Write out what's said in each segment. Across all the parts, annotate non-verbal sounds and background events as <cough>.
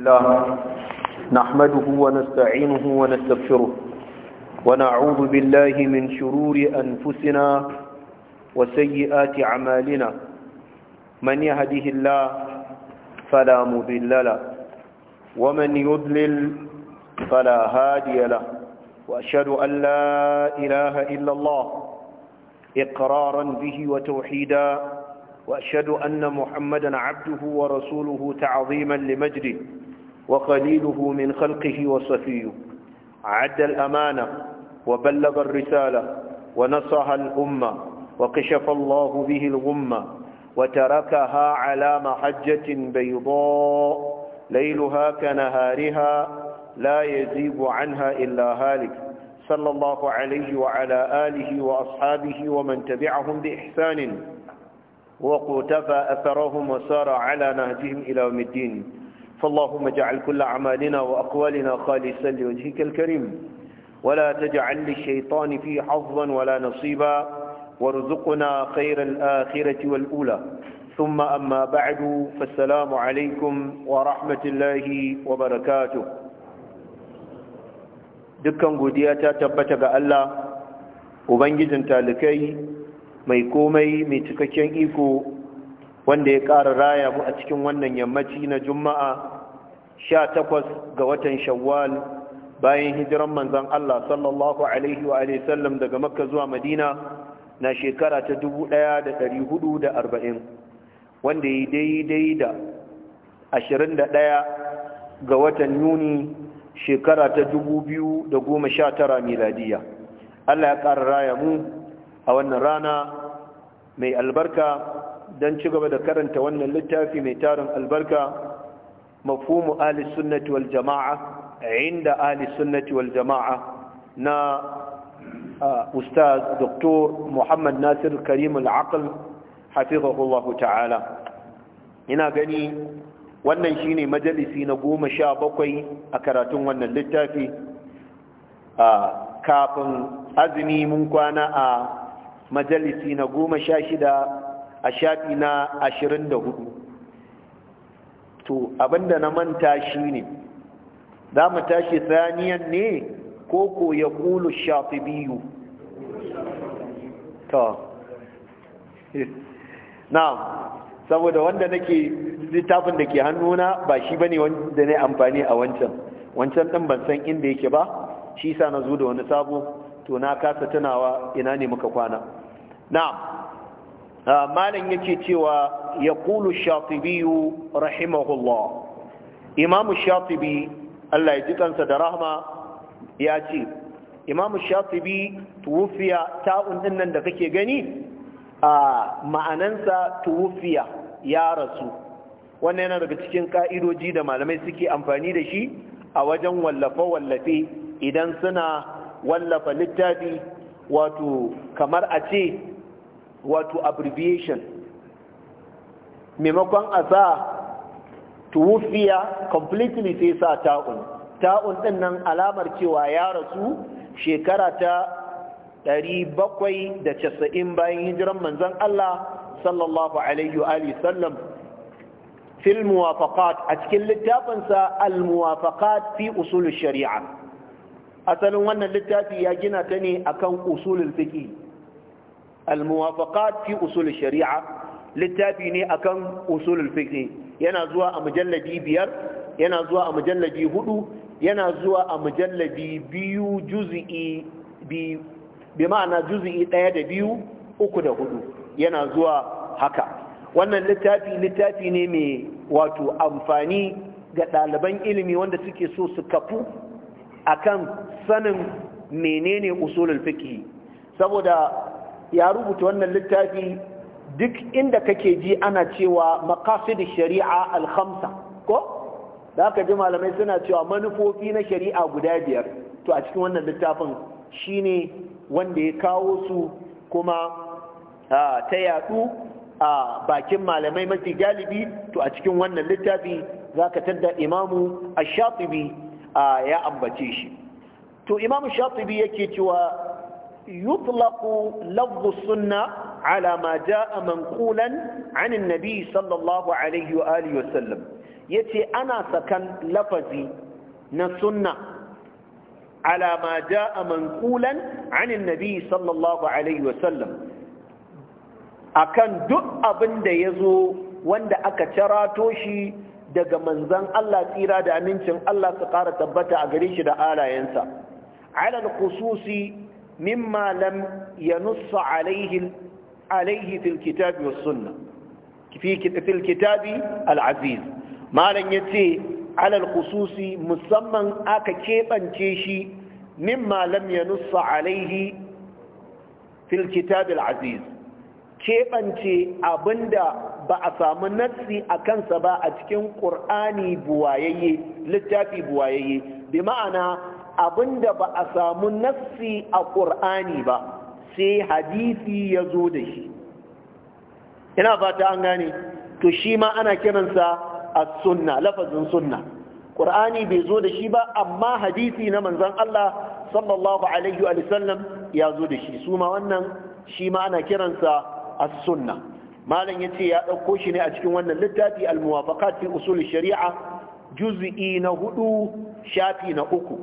الله نحمده ونستعينه ونستغفره ونعوذ بالله من شرور أنفسنا وسيئات أعمالنا من يهده الله فلا مضل له ومن يضلل فلا هادي له وأشهد أن لا إله إلا الله إقرارا به وتوحيدا وأشهد أن محمدا عبده ورسوله تعظيما لمجده وقليله من خلقه وصفيه عد الأمانة وبلغ الرسالة ونصح الأمة وكشف الله به الغمة وتركها على محجة بيضاء ليلها كنهارها لا يزيب عنها إلا هالك صلى الله عليه وعلى آله وأصحابه ومن تبعهم بإحسان وقتفى أثرهم وسار على نهجهم إلى يوم الدين فاللهم اجعل كل أعمالنا وأقوالنا خالصا لوجهك الكريم ولا تجعل للشيطان فيه حظا ولا نصيبا وارزقنا خير الآخرة والأولى ثم أما بعد فالسلام عليكم ورحمة الله وبركاته دكان قدياتا تبتك ألا وبنجز تالكي ميكومي ميتككين إيكو wanda ya ƙara raya mu a cikin wannan yammaci na juma'a sha takwas ga watan shawwal bayan hijiran manzan Allah sallallahu alaihi wa sallam daga makka zuwa madina na shekara ta dubu ɗaya da da arba'in, wanda ya daidai da ashirin da ɗaya ga watan yuni shekara ta dubu biyu da goma sha tara miladiya Allah ya ƙara raya mu a wannan rana mai albarka don ci gaba da karanta wannan littafi mai tarin albarka mafhumu ahli sunnati wal jama'a inda ahli sunnati wal jama'a na ustaz dr muhammad nasir karim hafi aql ta'ala ina gani wannan shine majalisi na goma sha bakwai a karatun wannan littafi kafin azumi mun kwana a majalisi na goma sha shida a shafi na ashirin da hudu to abinda na manta shi ne za mu tashi saniyan ne ko ko ya kulu shafi biyu ta <laughs> na saboda wanda nake littafin da ke hannuna ba shi ba ne wanda ne amfani a wancan wancan ɗin ban san inda yake ba shi sa na zo da wani sabo to na kasa tunawa ina ne muka kwana na'am malam yake cewa ya kulu shatibiyu rahimahullah imamu shatibi Allah ya ji kansa da rahama ya ce imamu shatibi tuwufiya ta'un din nan da kake gani a ma'anansa tuwufiya ya rasu wannan yana daga cikin ka'idoji da malamai suke amfani da shi a wajen wallafe-wallafe idan suna wallafa littafi wato kamar a ce wato abbreviation maimakon a sa tuwufiya completely sai sa ta'un ta'un din nan alamar cewa ya rasu shekara ta 790 bayan hijiran manzon Allah sallallahu alaihi wa sallam fil muwafaqat a cikin littafinsa al muwafaqat fi usul shari'a asalin wannan littafi ya gina ta ne akan usulul fiqh al-muwafaqat fi usul shari'a littafi ne akan usul fiqh yana zuwa a mujalladi biyar yana zuwa a mujalladi hudu yana zuwa a mujalladi biyu juz'i bi bi ma'ana juz'i ɗaya da biyu uku da hudu yana zuwa haka wannan littafi littafi ne mai wato amfani ga ɗaliban ilimi wanda suke so su kafu akan sanin menene usulul fiqh saboda ya rubuta wannan littafi duk inda kake ji ana cewa makasidu shari'a al ko da aka ji malamai suna cewa manufofi na shari'a guda biyar to a cikin wannan littafin shine wanda ya kawo su kuma ta yadu a bakin malamai mafi galibi to a cikin wannan littafi za ka tadda imamu a shatibi ya ambace shi to imamu shatibi yake cewa يطلق لفظ السنة على ما جاء منقولا عن النبي صلى الله عليه وآله وسلم يتي أنا سكن لفظي نسنة على ما جاء منقولا عن النبي صلى الله عليه وسلم akan duk abinda ya zo wanda aka carato shi daga manzan Allah tsira da amincin Allah su ƙara tabbata a gare shi da alayensa alal khususi mimma lam yanussu alaihi alaihi fil kitabi was sunna al aziz malan yace alal khususi musamman aka keɓance shi mimma lam yanussu alaihi fil kitabi al aziz kebance abinda ba a samu nassi a kansa ba a cikin ƙur'ani buwayayye littafi buwayayye bi ma'ana abinda ba a samu nafsi a ƙur'ani ba sai hadisi ya zo da shi ina fata an gane to shi ma ana kiransa a sunna lafazin sunna ƙur'ani bai zo da shi ba amma hadisi na manzan Allah sallallahu alaihi wa ya zo da shi su ma wannan shi ma ana kiransa a sunna malam ya ce ya ɗauko shi ne a cikin wannan littafi al-muwafaqat fi usul shari'a juz'i na hudu shafi na uku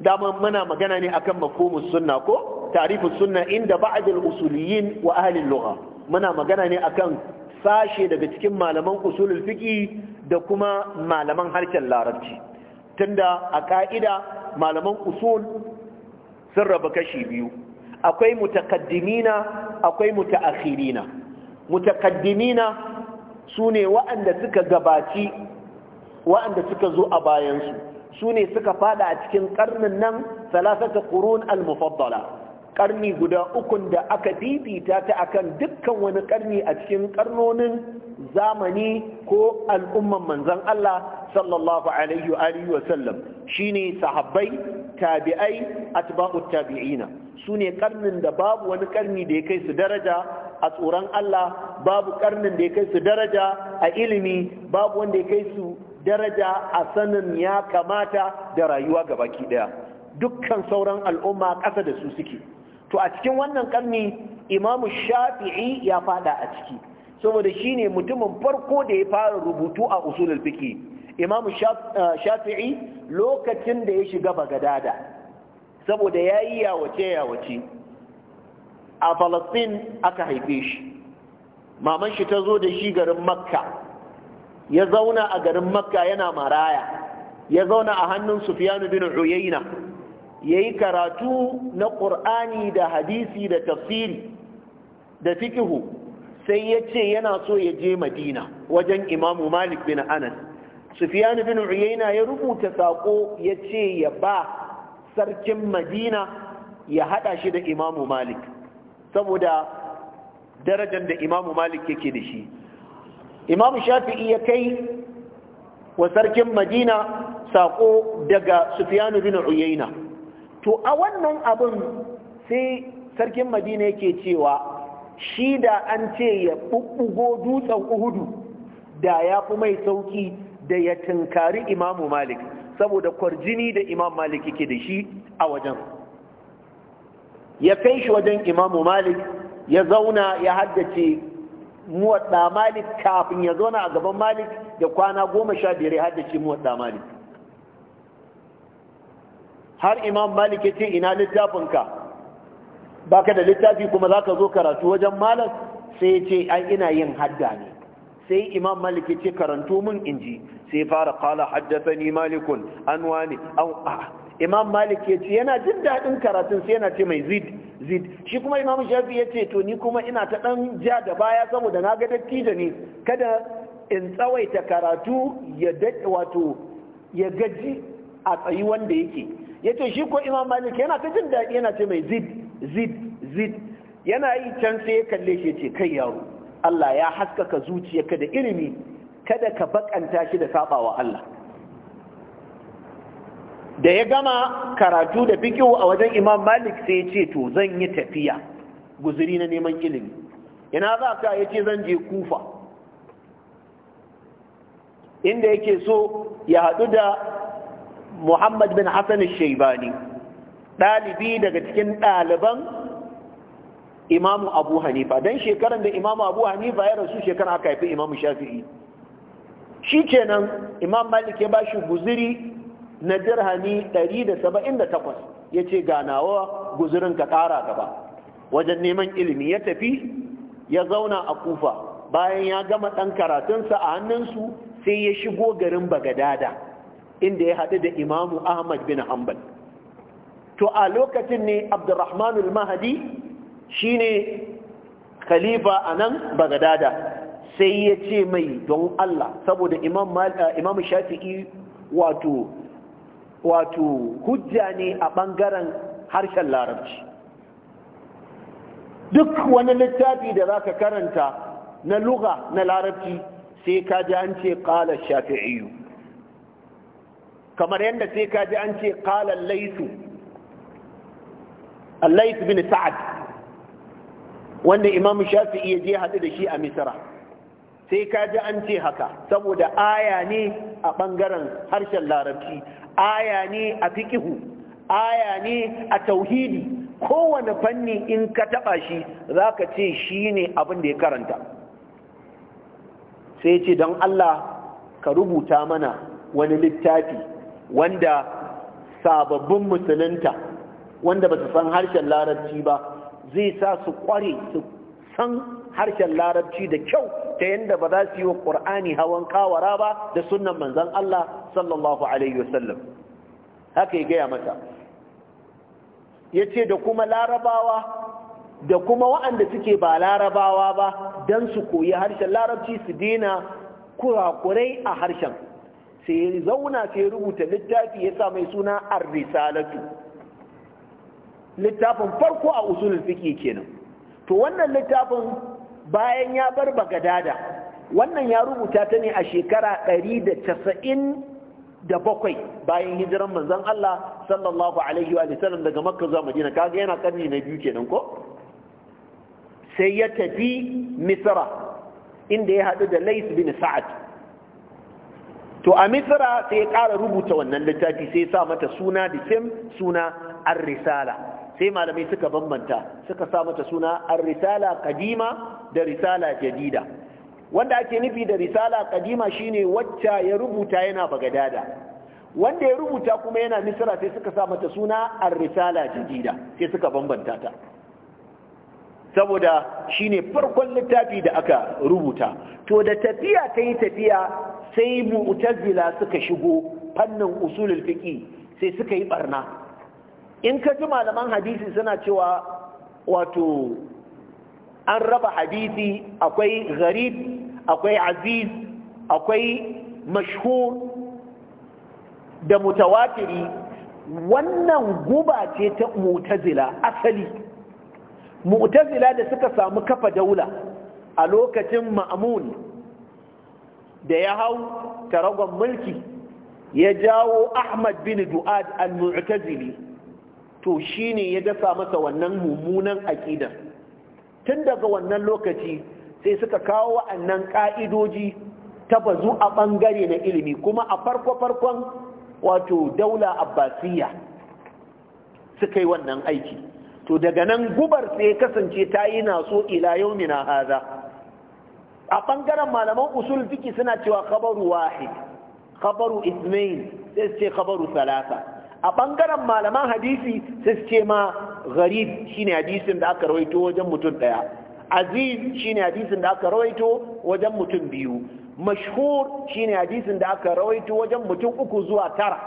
dama muna magana ne akan mafhumus sunna ko ta'rifus sunna inda ba'd al-usuliyyin wa ahli lugha muna magana ne akan sashe daga cikin malaman usulul fiqi da kuma malaman harshen larabci tunda a ka'ida malaman usul sun raba kashi biyu akwai mutaqaddimina akwai mutaakhirina mutaqaddimina sune waɗanda suka gabaci waɗanda suka zo a bayansu su ne suka fada a cikin karnin nan salasata qurun al-mufaddala karni guda ukun da aka didita ta akan dukkan wani karni a cikin karnonin zamani ko al'umman manzon Allah sallallahu alaihi wa alihi wa sallam shine sahabbai tabi'ai atba'ut tabi'ina sune karnin da babu wani karni da ya kai su daraja a tsoron Allah babu karnin da ya kai su daraja a ilimi babu wanda ya kai su daraja a sanin ya kamata da rayuwa ga baki daya dukkan sauran al'umma ƙasa da su suke to a cikin wannan ƙarni, imamu shafi'i ya fada a ciki saboda shi ne mutumin farko da ya fara rubutu a usulul fiqh imamu eh, shafi'i lokacin da ya shiga bagadada saboda ya yi yawace yawace a falastin aka haife shi maman shi ta zo da shi garin makka ya zauna a garin makka yana maraya ya zauna a hannun sufiyanu bin uyayna ya yi karatu na ƙur'ani da hadisi da tafsiri da fikihu sai ya ce yana so ya je madina wajen imamu malik bin anas sufiyanu bin uyayna ya rubuta saƙo ya ce ya ba sarkin madina ya haɗa shi da imamu malik saboda darajar da imamu malik yake da shi imam shafi'i ya kai wa sarkin madina sako daga sufyanu bin uyaina to a wannan abin sai sarkin madina yake cewa shi da an ce ya ɓuɓɓugo dutsen uhudu da ya fi mai sauki da ya tunkari imamu malik saboda kwarjini da imam malik yake da shi a wajen ya kai shi wajen imamu malik ya zauna ya haddace muwadda malik kafin ya zauna a gaban malik da kwana goma sha biyar ya haddace muwadda malik har imam malik ya ce ina littafinka Ba ka da littafi kuma za ka zo karatu wajen malam sai ya ce ai ina yin hadda ne sai imam malik ya ce karanto min inji sai fara kala haddasa ni malikun an wani imam malik ya ce yana jin daɗin karatun sai yana ce mai zid zid shi kuma imam shafi ya ce to ni kuma ina ta ɗan ja da baya saboda na ga dattijo ne kada in tsawaita karatu ya daɗe wato ya gaji a tsayi wanda yake ya ce shi ko imam malik yana ta jin daɗi yana ce mai zid zid zid yana yi can sai ya kalle shi ya ce kai yaro Allah ya haskaka zuciyarka da ilimi kada ka bakanta shi da sabawa Allah da ya gama karatu da fikihu a wajen imam malik sai ya ce to zan yi tafiya guzuri na neman ilimi ina za ka ya ce zan je kufa inda yake so ya haɗu da muhammad bin hassan shaibani ɗalibi daga cikin ɗaliban imamu abu hanifa don shekaran da imamu abu hanifa ya rasu shekarar aka haifi imamu shafi'i shi kenan imam malik ya ba shi guziri na dirhami 178 ya ce ganawa guzurin ka ƙara gaba wajen neman ilimi ya tafi ya zauna a kufa bayan ya gama ɗan karatunsa a hannunsu sai ya shigo garin bagadada inda ya haɗu da imamu ahmad bin hanbal to a lokacin ne abdurrahmanul mahadi ne khalifa a nan bagadada sai ya ce mai don Allah saboda imam eh, shafi'i wato wato hujja ne a ɓangaren harshen larabci duk wani littafi da za ka karanta na lugha na larabci sai ka ji an ce ƙala shafi'iyu kamar yadda sai ka ji an ce ƙala laisu allais bin sa'ad wanda imam shafi'i ya je haɗu da shi a misra sai ka ji an ce haka saboda aya ne a ɓangaren harshen larabci aya ne a fiƙihu, aya ne a tauhidi kowane fanni in ka taɓa shi za ka ce shi ne abin da ya karanta sai ce don Allah ka rubuta mana wani littafi wanda sababbin musulunta wanda ba su san harshen larabci ba zai sa su ƙware su san harshen larabci da kyau ta yadda ba za su yi wa ƙur'ani hawan kawara ba da sunan manzan Allah sallallahu alaihi wasallam haka ya gaya mata ya ce da kuma larabawa da kuma waɗanda suke ba larabawa ba don su koyi harshen larabci su daina kurakurai a harshen sai zauna sai rubuta littafi ya sa mai suna ar-risalatu littafin farko a usulul fiqh kenan to wannan littafin bayan ya bar bagadada wannan ya rubuta ta ne a shekara 197 bayan hijiran manzon Allah sallallahu alaihi wa sallam daga Makka zuwa Madina kaga yana karni na biyu kenan ko sai ya tafi Misra inda ya haɗu da Lais bin Sa'ad to a misra sai ya ƙara rubuta wannan littafi sai sa mata suna da fim suna ar-risala sai malamai suka bambanta suka sa mata suna ar-risala kadima da risala jadida wanda ake nufi da risala kadima shine wacce ya rubuta yana bagadada wanda ya rubuta kuma yana misra sai suka sa mata suna ar-risala jadida sai suka bambanta ta saboda shine farkon littafi da aka rubuta to da tafiya ta yi tafiya sai mu'tazila suka shigo fannin usulul fiqi sai suka yi barna in ka ji malaman hadisi suna cewa wato an raba hadisi akwai gharib akwai aziz akwai mashhur da mutawatiri wannan guba ce ta mutazila asali mutazila da suka samu kafa daula a lokacin ma'amun da ya hau taragon mulki ya jawo ahmad bin du'ad al-mu'tazili to shi ne ya dasa masa wannan mummunan aƙidar tun daga wannan lokaci sai suka kawo wa'annan ƙa'idoji ta bazu a ɓangare na ilimi kuma a farko-farkon wato daula abbasiyya suka yi wannan aiki to daga nan gubar sai kasance ta yi na so ila yau mina haza a ɓangaren malaman usul fiki suna cewa khabaru wahid khabaru ismail sai su ce khabaru salasa a ɓangaren malaman hadisi sai su ce ma gharib shine hadisin da aka rawaito wajen mutum ɗaya aziz shine hadisin da aka rawaito wajen mutum biyu mashhur shine hadisin da aka rawaito wajen mutum uku zuwa tara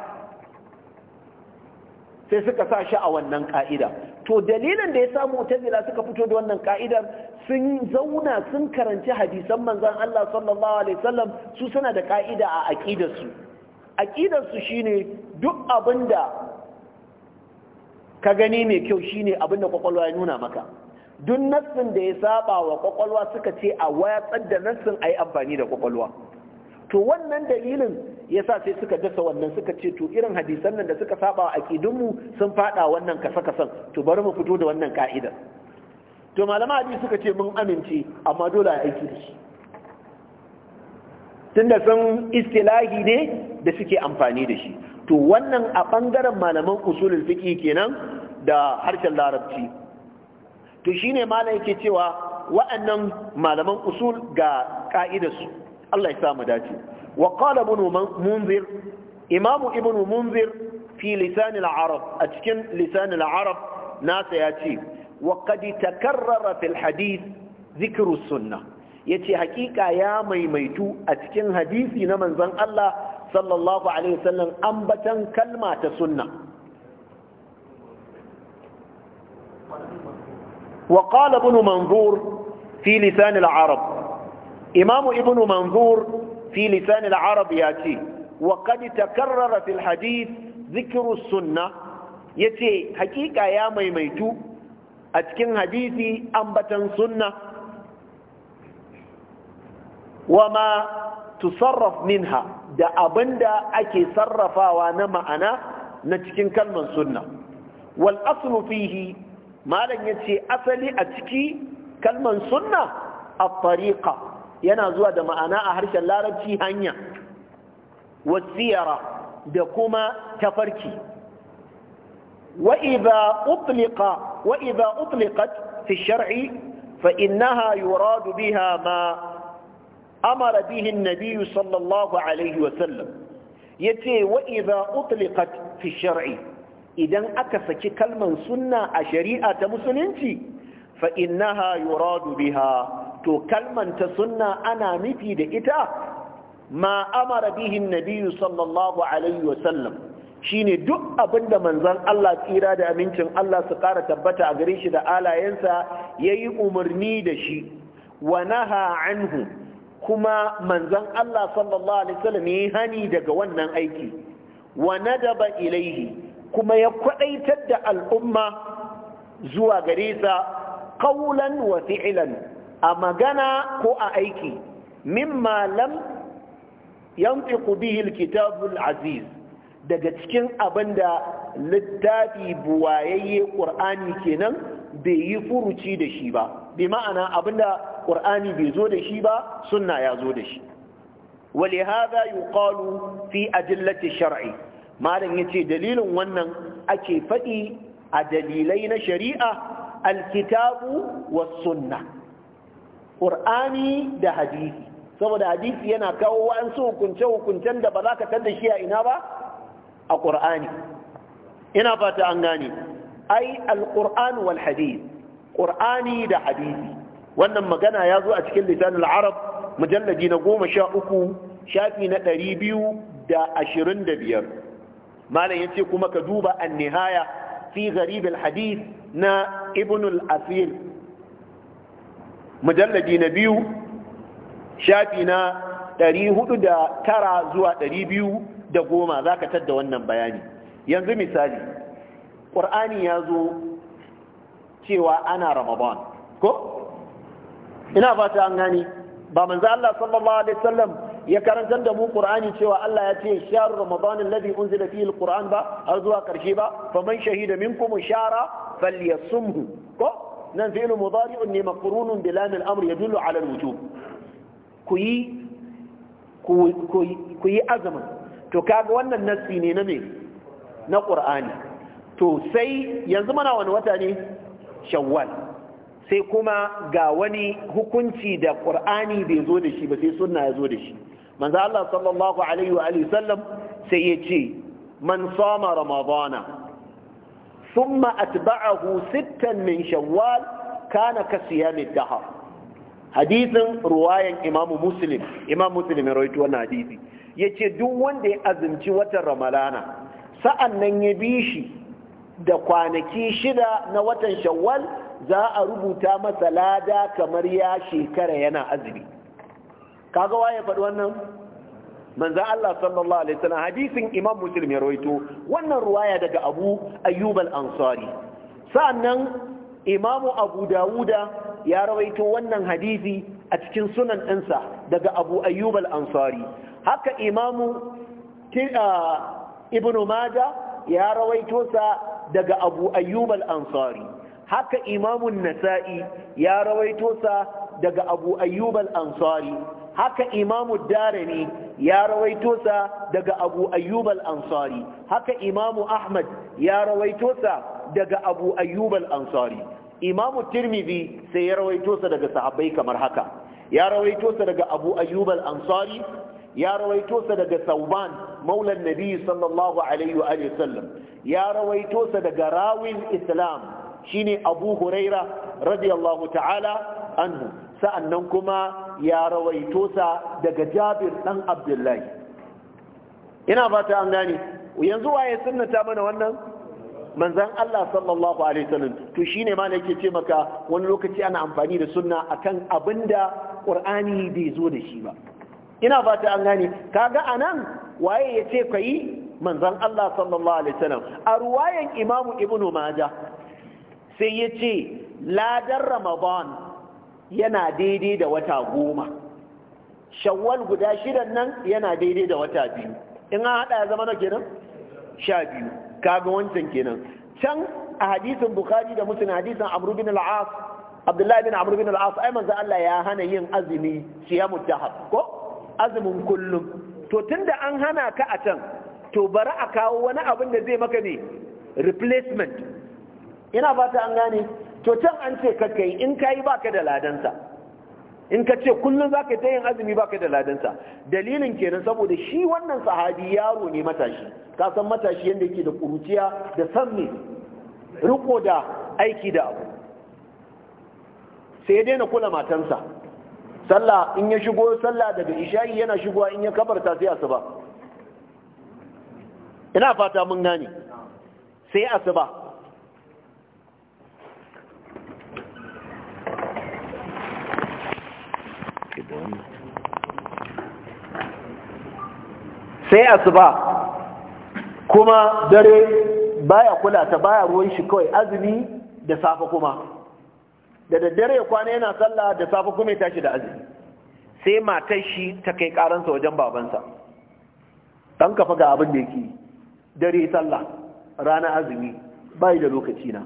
sai suka sa shi a wannan ka'ida to dalilin da ya samu tazila suka fito da wannan ka'idar sun zauna sun karanci hadisan manzon Allah sallallahu alaihi wasallam su suna da ka'ida a aqidarsu aqidarsu shine duk da ka gani mai kyau shine abinda kwakwalwa ya nuna maka duk nassin da ya saba wa kwakwalwa suka ce a wayatsar da nassin a yi amfani da kwakwalwa to wannan dalilin ya sa sai suka dasa wannan suka ce to irin hadisan nan da suka saba wa aƙidunmu sun faɗa wannan kasa-kasan to bari mu fito da wannan ka'idar to malama hadisi suka ce mun amince amma dole a aiki da shi tunda sun istilahi ne da suke amfani da shi to wannan a bangaren malaman usulul fiqh kenan da harshen larabci to shine malai yake cewa wa'annan malaman usul ga ka'idarsu Allah ya sa mu dace wa qala ibn munzir imamu ibn munzir fi lisan al-arab a cikin lisan al-arab nasa ya wa qad takarrara fil hadith dhikru ya ce hakika ya maimaitu a cikin hadisi na manzan Allah sallallahu Alaihi wasallam ambatan kalma ta sunna wa qala ibn manzur fi lisan al manzur fi ya ce wa ta karrara fil hadith dhikru sunna yace hakika ya maimaitu a cikin hadisi ambatan sunna Wama tusarraf minha da abinda ake sarrafawa na ma'ana na cikin kalman sunna wal aslu fihi malam yace asali a ciki kalman sunna a tariqa yana zuwa da ma'ana a harshen larabci hanya wasiyara da kuma tafarki وإذا أطلق وإذا أطلقت في الشرع فإنها يراد بها ما amara bihin nabiyu sallallahu alaihi wasallam ya ce wa'iza utliqat fi shar'i idan aka saki kalman sunna a shari'a ta musulunci fa innaha yuradu biha to kalman ta sunna ana nufi da ita ma amara bihin nabiyu sallallahu alaihi wasallam shine duk abinda manzon Allah tsira da amincin Allah su ƙara tabbata a gare shi da alayensa yayi umarni da shi wa naha anhu kuma manzon Allah sallallahu alaihi wasallam yi hani daga wannan aiki wa nadaba ilaihi kuma ya kwadaitar da al'umma zuwa gare sa qawlan wa fi'lan a magana ko a aiki mimma lam yantiqu bihi alkitabu aziz daga cikin abinda littafi buwayayye qur'ani kenan bai yi furuci da shi ba bi ma'ana abinda ƙur'ani bai zo da shi ba sunna ya zo da shi wali haza yi ƙalu fi ajillati shar'i malam ya ce dalilin wannan ake faɗi a dalilai na shari'a alkitabu wa sunna ƙur'ani da hadisi saboda hadisi yana kawo an hukunce hukuncen da ba za ka tar da shi a ina ba a ƙur'ani ina fata an gane ai al-ƙur'an wal hadisi ƙur'ani da hadisi wannan magana ya zo a cikin lisanul arab mujallaji na goma sha uku shafi na ɗari biyu da ashirin da biyar malam ya ce kuma ka duba an nihaya fi garibin hadis na ibnul asir mujallaji na biyu shafi na ɗari hudu da tara zuwa ɗari biyu da goma za ka tadda wannan bayani yanzu misali ƙur'ani ya zo cewa ana ramadan ko ina fata an gani ba manzo Allah sallallahu alaihi wasallam ya karantar da mu Qur'ani cewa Allah ya ce shahru ramadan alladhi unzila fihi alquran ba har zuwa karshe ba faman shahida minkum shara falyasumhu ko nan fi'lu mudari'un ne maqrunun bi lam al-amr yadullu ala al-wujub ku yi ku yi azumin to kaga wannan nassi ne na me na Qur'ani to sai yanzu mana wani wata ne shawwal sai kuma ga wani hukunci da ƙur'ani bai zo da shi ba sai sunna ya zo da shi manzo Allah sallallahu alaihi wa alihi sallam sai ya ce man sama ramadana thumma atba'ahu sittan min shawwal kana ka siyami dahar hadisin ruwayan imamu muslim imam muslim ya rawaito wannan hadisi yace duk wanda ya azumci watan ramadana sa'an nan ya bi shi da kwanaki shida na watan shawwal za a rubuta masa lada kamar ya shekara yana azumi kaga waye faɗi wannan manzan Allah sallallahu alaihi wasallam hadisin imam muslim ya rawaito wannan ruwaya daga abu ayyub al-ansari sa'annan imamu abu dawuda ya rawaito wannan hadisi a cikin sunan ɗinsa daga abu ayyub al-ansari haka imamu eh, ibn maja ya rawaito sa daga abu ayubal ansari haka imamun nasa'i ya rawaito sa daga abu ayubal ansari haka imamu darani ya rawaito sa daga abu ayubal ansari haka imamu ahmad ya rawaito sa daga abu ayubal ansari imamu tirmidhi sai ya rawaito sa daga sahabbai kamar haka ya rawaito sa daga abu ayubal ansari ya rawaito sa daga sauban maulan nabi sallallahu alaihi wa sallam ya rawaito sa daga rawin islam shine abu huraira radiyallahu ta'ala anhu sa'annan kuma ya rawaito sa daga jabir dan abdullahi ina fata an gane yanzu waye sunnata mana wannan manzan Allah sallallahu alaihi wasallam to shine ma yake ce maka wani lokaci ana amfani da sunna akan abinda qur'ani bai zo da shi ba ina ba ta an gane kaga anan waye ya ce ka yi manzan Allah sallallahu alaihi wasallam a ruwayan imamu ibnu maja sai ya ce ladar ramadan yana daidai da wata goma shawwal guda shidan nan yana daidai da wata biyu in an haɗa ya zama na kenan sha biyu kaga wancan kenan can a hadisin bukhari da mutum, hadisin amru bin al-as abdullahi bin amru bin al ai manzo Allah ya hana yin azumi siyamu dahab ko azumin kullum to tunda an hana ka a can to bari a kawo wani abin da zai maka ne replacement ina fata an gane to can an ce ka kai in ka yi baka da ladansa in ka ce kullum za ka ta yin azumi baka da ladansa dalilin kenan saboda shi wannan sahabi yaro ne matashi ka san matashi yadda yake da kuruciya da san me riko da aiki da abu sai ya daina kula matansa sallah in ya shigo sallah daga isha'i yana shigowa in ya kabarta sai asuba ina fata mun gane sai asuba sai asuba kuma dare baya kula ta baya ruwan shi kawai azumi da safe kuma da daddare ya kwana yana sallah da safe kuma ya tashi da azumi sai matar shi ta kai karansa wajen babansa dan kafa ga abin da yake dare sallah rana azumi bai da lokaci na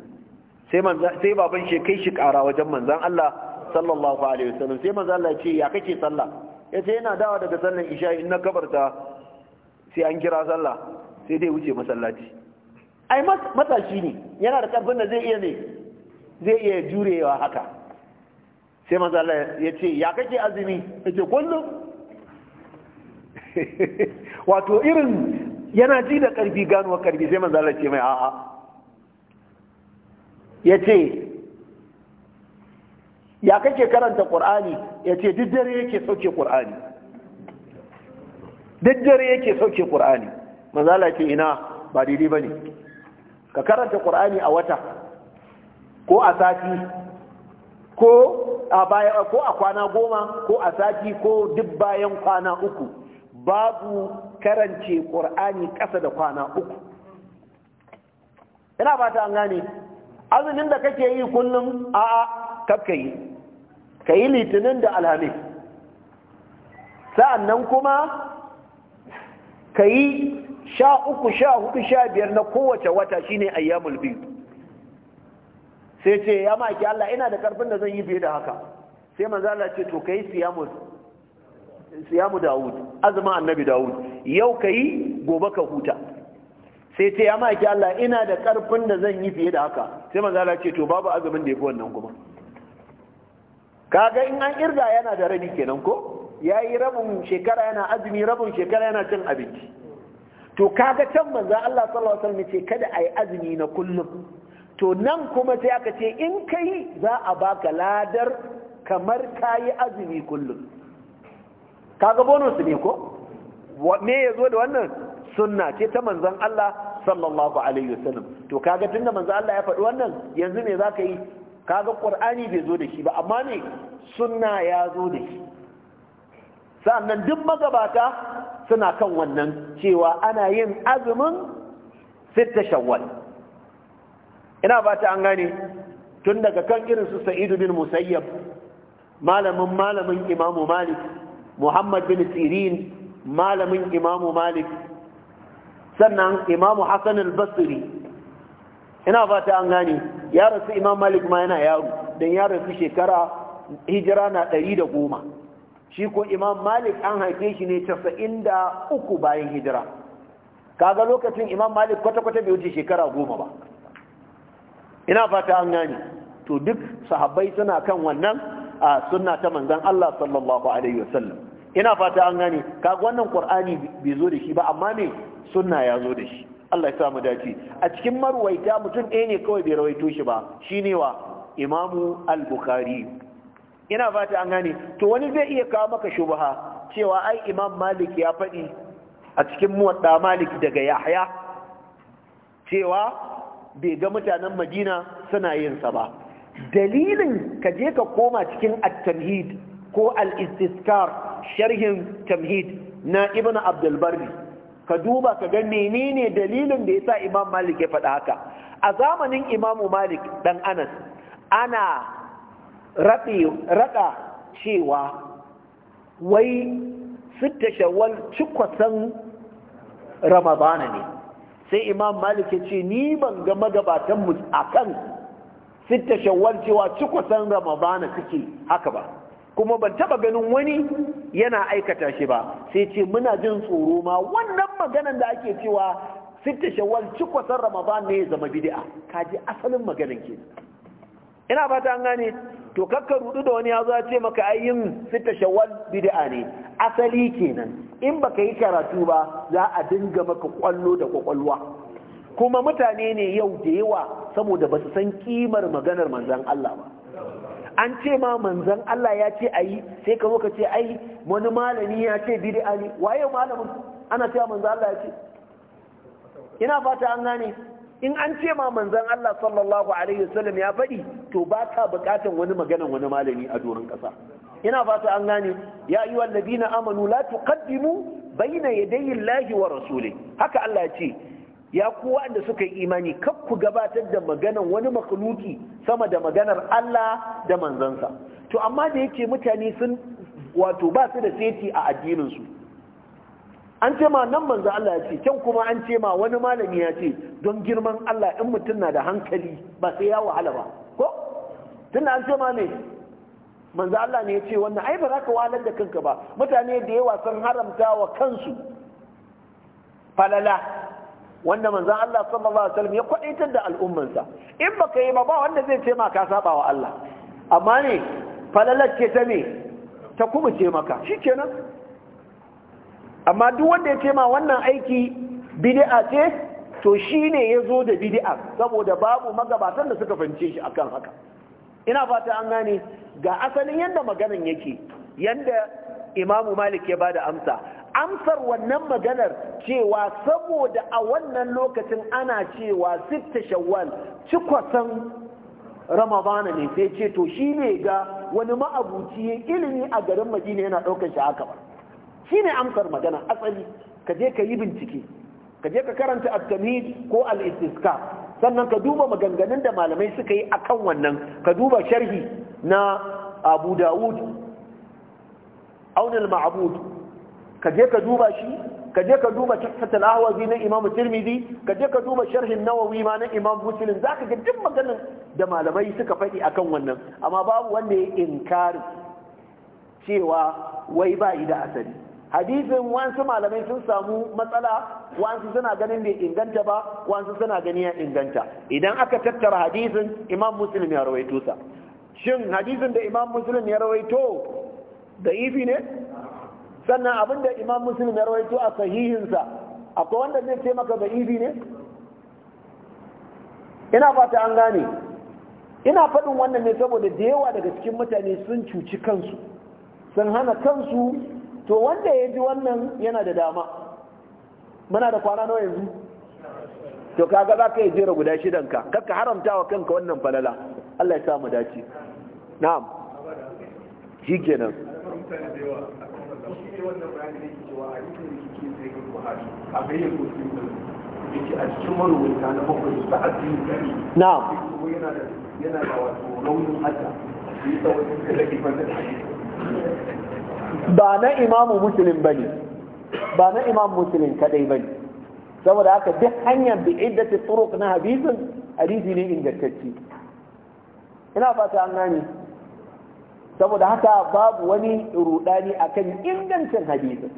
sai manzo sai baban shi kai shi kara wajen manzon Allah sallallahu alaihi wasallam sai manzo Allah ya ce ya kake sallah yace yana dawa daga sallan isha in na kabarta sai an kira sallah sai dai wuce masallaci ai matashi ne yana da karfin da zai iya ne zai iya jurewa haka sai manzo ya ce ya kake azumi ce kullum <laughs> wato irin yana ji da karfi ganuwa karfi sai manzo ce mai a'a ce ya kake karanta ƙorani Ya ce dare yake sauke ƙorani duk yake sauke ƙorani manzo ce ina ba daidai ba ne. ka karanta ƙorani a wata ko a sati ko a baya ko a kwana goma ko a sati ko duk bayan kwana uku babu karance ƙur'ani ƙasa da kwana uku ina ba ta an gane azumin da kake yi kullum a'a kakka yi ka yi litinin da alhamis sa'annan kuma ka yi sha uku sha hudu sha biyar na kowace wata shine ayyamul biyu sai ce ya maki Allah ina da karfin da zan yi fiye da haka sai manzo Allah ce to kai siyamu siyamu Dawud azuma annabi Dawud yau kai gobe ka huta sai ce ya maki Allah ina da karfin da zan yi fiye da haka sai manzo Allah ce to babu azumin da yafi wannan kuma kaga in an irga yana da rabi kenan ko yayi rabin shekara yana azumi rabin shekara yana cin abinci to kaga can manzo Allah sallallahu alaihi wasallam ce kada ayi azumi na kullum to nan kuma sai aka ce in kai za a baka ladar kamar kayi azumi kullum kaga bonus ne ko me ya zo da wannan sunna ce ta manzan Allah sallallahu alaihi wasallam to kaga tunda manzan Allah ya faɗi wannan yanzu me ka yi kaga qur'ani bai zo da shi ba amma ne sunna ya zo da shi sannan duk magabata suna kan wannan cewa ana yin azumin sitta shawwal ina ba ta an gane tun daga kan irin su sa'idu bin musayyab malamin malamin imamu malik muhammad bin sirin malamin imamu malik sannan imamu hassan al-basri ina ba ta an gane ya rasu imam malik ma yana yaro don ya rasu shekara hijira na ɗari da goma shi ko imam malik an haife shi ne casa'in da uku bayan hijira kaga lokacin imam malik kwata-kwata bai wuce shekara goma ba ina fata an gani to duk sahabbai suna kan wannan a sunna ta manzon Allah sallallahu alaihi wasallam ina fata an gani kaga wannan qur'ani bai zo da shi ba amma ne sunna ya zo da shi Allah ya samu dace a cikin marwaita mutum ɗaya ne kawai bai rawaito shi ba shine wa imamu al-bukhari ina fata an gani. to wani zai iya kawo maka shubha cewa ai imam malik ya faɗi a cikin muwadda malik daga yahya cewa bai ga mutanen madina suna yin sa ba dalilin ka je ka koma cikin al tamhid ko al-istiskar sharhin tamhid na Ibn abdul ka duba ka ga menene dalilin da yasa imam malik ya faɗa haka a zamanin imamu malik dan anas ana raɗa cewa wai sitta shawwal cikwasan ramadana ne sai imam malik ya ce ni ban ga magabatan mu kan sitta shawar cewa ci kusan ramadana kake haka ba kuma ban taba ganin wani yana aikata shi ba sai ce muna jin tsoro ma wannan maganan da ake cewa sitta shawar ci ramadana ne ya zama bid'a kaji asalin maganan ke ina fata an gane to kakka rudu da wani ya zo ce maka ayyin sita shawal bid'a ne asali kenan in baka yi karatu ba za a dinga maka kwallo da kwakwalwa kuma mutane ne yau da yawa saboda ba su san kimar maganar manzon Allah ba an ce ma manzon Allah ya ce ayi sai ka zo ka ce ai wani malami ya ce bid'a ne waye malamin ana cewa manzon Allah ya ce ina fata an gane in an ce ma manzan Allah sallallahu alaihi wasallam ya faɗi to ba ta buƙatar wani maganan wani malami a doron ƙasa ina ta an gane ya yi na amanu la tuqaddimu baina yadayin Allahi wa rasuli haka Allah ya ce ya kuwa da suka yi imani kar ku gabatar da maganan wani makuluki sama da maganar Allah da manzansa to amma da yake mutane sun wato ba su da seti a addininsu. su an ce ma nan manzo Allah ya ce can kuma an ce ma wani malami ya ce don girman Allah in mutum na da hankali ba sai ya wahala ba ko tunda an ce ma ne manzo Allah ne ya ce wannan ai ba za ka wahalar da kanka ba mutane da yawa sun haramta wa kansu falala wanda manzo Allah sallallahu alaihi wasallam ya kwadaitar da al'ummansa in baka yi ba ba wanda zai ce ma ka saba wa Allah amma ne falalar ce ta ne ta kuma ce maka shikenan amma duk wanda ya ce ma wannan aiki bidi'a ce to shi ne ya zo da bidi'a saboda babu magabatan da suka fahimce shi akan haka ina fata an gane ga asalin yadda maganan yake yadda imamu malik ya ba da amsa amsar wannan maganar cewa saboda a wannan lokacin ana cewa sitta shawwal cikwasan ramadana ne sai ce to shi ne ga wani ma'abuci ilimi a garin madina yana ɗaukar shi haka ba Shi ne amsar magana asali ka je ka yi bincike ka je ka karanta at-tamhid ko al-istisqa sannan ka duba maganganun da malamai suka yi akan wannan ka duba sharhi na Abu Dawud Aunal mabud ka je ka duba shi ka je ka duba tafsir al-ahwazi na Imam Tirmidhi ka je ka duba sharhin Nawawi ma na Imam Muslim zaka ga duk maganan da malamai suka faɗi akan wannan amma babu wanda ya inkari cewa wai ba da asali hadisin wansu malamai sun samu matsala wansu suna ganin bai inganta ba wansu suna gani ya inganta idan aka tattara hadisin imam muslim ya rawaito sa shin hadisin da imam muslim ya rawaito da ifi ne sannan abin da imam muslim ya rawaito a sahihinsa akwai wanda zai ce maka da ifi ne ina fata an gane ina faɗin wannan ne saboda da yawa daga cikin mutane sun cuci kansu sun hana kansu to wanda ya ji wannan yana da dama muna da kwana nawa yanzu to kaga za ka yi jera guda shidan ka kakka haramta wa kanka wannan falala Allah ya sa mu dace na'am shi kenan na'am yana da wato hajja ba na imamu musulun ba ne ba na imam musulun kadai ba ne saboda haka duk hanyar bi ta turuq na hadisin hadisi ne ingantacce ina fata an gane saboda haka babu wani rudani akan ingancin hadisin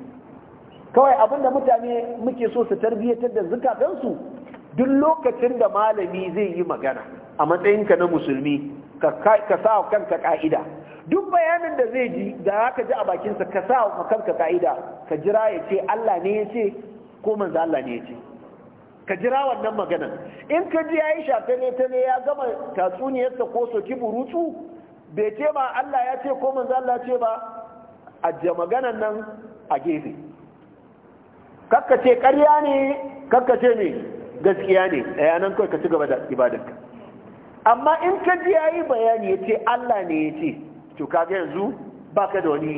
kawai abinda mutane muke so su tarbiyyatar da zukatansu duk lokacin da malami zai yi magana a matsayinka na musulmi ka sa kanka ka'ida duk bayanin da zai ji da haka ji a bakinsa ka sa wa kanka ka'ida ka jira ya ce Allah ne ya ce ko manzo Allah ne ya ce ka jira wannan maganan in ka ji yayi shafe ne ta ne ya gama tatsuniyarsa ko soki burutsu bai ce ba Allah ya ce ko manzo Allah ya ce ba ajje maganan nan a gefe kakka ce ƙarya ne kakka ce ne gaskiya ne ɗaya nan kawai ka ci gaba da ibadarka amma in ka ji yayi bayani ya ce Allah ne ya ce to kage yanzu baka da wani